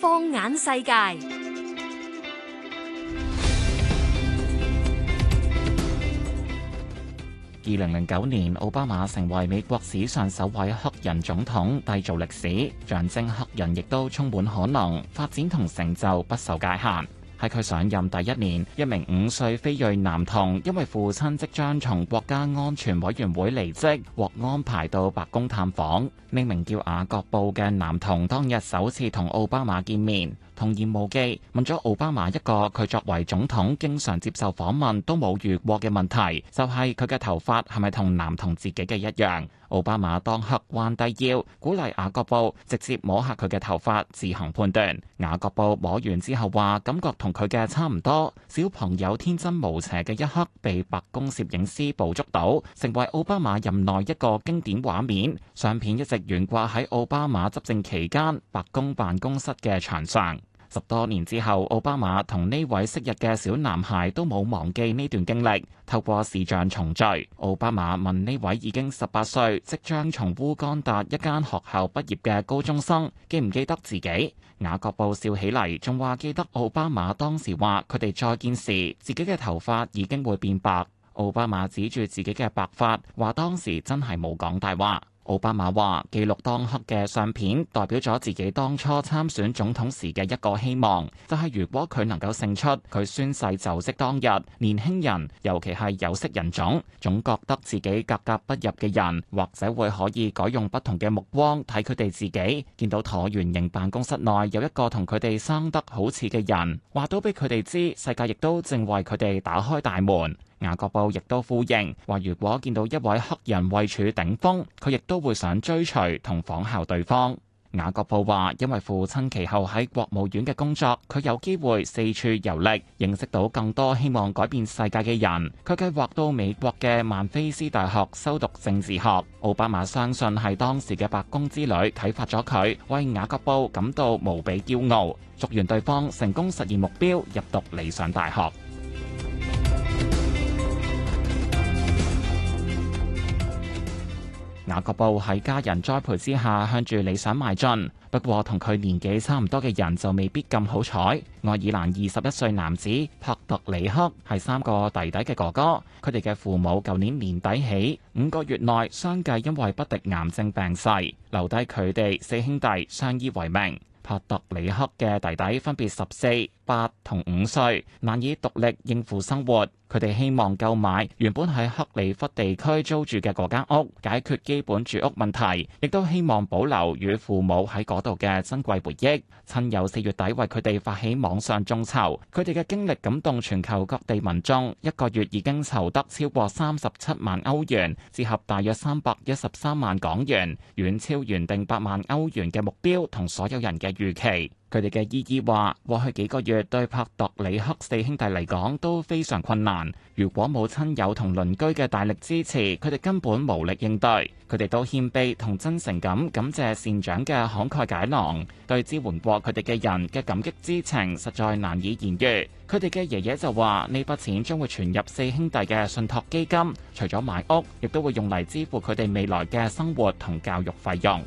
放眼世界，二零零九年，奧巴馬成為美國史上首位黑人總統，締造歷史，象徵黑人亦都充滿可能，發展同成就不受界限。喺佢上任第一年，一名五歲非裔男童因為父親即將從國家安全委員會離職，獲安排到白宮探訪，呢名叫雅各布嘅男童當日首次同奧巴馬見面。童言無忌，問咗奧巴馬一個佢作為總統經常接受訪問都冇遇過嘅問題，就係佢嘅頭髮係咪同男童自己嘅一樣？奧巴馬當刻彎低腰，鼓勵雅各布直接摸下佢嘅頭髮，自行判斷。雅各布摸完之後話，感覺同佢嘅差唔多。小朋友天真無邪嘅一刻被白宮攝影師捕捉到，成為奧巴馬任內一個經典畫面。相片一直懸掛喺奧巴馬執政期間白宮辦公室嘅牆上。十多年之後，奧巴馬同呢位昔日嘅小男孩都冇忘記呢段經歷。透過視像重聚，奧巴馬問呢位已經十八歲、即將從烏干達一間學校畢業嘅高中生，記唔記得自己？雅各布笑起嚟，仲話記得奧巴馬當時話佢哋再見時，自己嘅頭髮已經會變白。奧巴馬指住自己嘅白髮，話當時真係冇講大話。奧巴馬話：記錄當刻嘅相片，代表咗自己當初參選總統時嘅一個希望，就係如果佢能夠勝出，佢宣誓就職當日，年輕人，尤其係有色人種，總覺得自己格格不入嘅人，或者會可以改用不同嘅目光睇佢哋自己，見到橢圓形辦公室內有一個同佢哋生得好似嘅人，話到俾佢哋知，世界亦都正為佢哋打開大門。雅各布亦都呼應，話如果見到一位黑人位處頂峰，佢亦都會想追隨同仿效對方。雅各布話：因為父親其後喺國務院嘅工作，佢有機會四處遊歷，認識到更多希望改變世界嘅人。佢計劃到美國嘅曼菲斯大學修讀政治學。奧巴馬相信係當時嘅白宮之旅啟發咗佢，為雅各布感到無比驕傲，祝願對方成功實現目標，入讀理想大學。雅各布喺家人栽培之下向住理想邁進，不過同佢年紀差唔多嘅人就未必咁好彩。愛爾蘭二十一歲男子帕特里克係三個弟弟嘅哥哥，佢哋嘅父母舊年年底起五個月內相繼因為不敵癌症病逝，留低佢哋四兄弟相依為命。帕特里克嘅弟弟分別十四、八同五歲，難以獨立應付生活。佢哋希望購買原本喺克里弗地區租住嘅嗰間屋，解決基本住屋問題，亦都希望保留與父母喺嗰度嘅珍貴回憶。親友四月底為佢哋發起網上眾籌，佢哋嘅經歷感動全球各地民眾，一個月已經籌得超過三十七萬歐元，折合大約三百一十三萬港元，遠超原定八萬歐元嘅目標同所有人嘅預期。佢哋嘅姨姨話：過去幾個月對帕托里克四兄弟嚟講都非常困難。如果冇親友同鄰居嘅大力支持，佢哋根本無力應對。佢哋都謙卑同真誠咁感謝善長嘅慷慨解囊，對支援過佢哋嘅人嘅感激之情實在難以言喻。佢哋嘅爺爺就話：呢筆錢將會存入四兄弟嘅信託基金，除咗買屋，亦都會用嚟支付佢哋未來嘅生活同教育費用。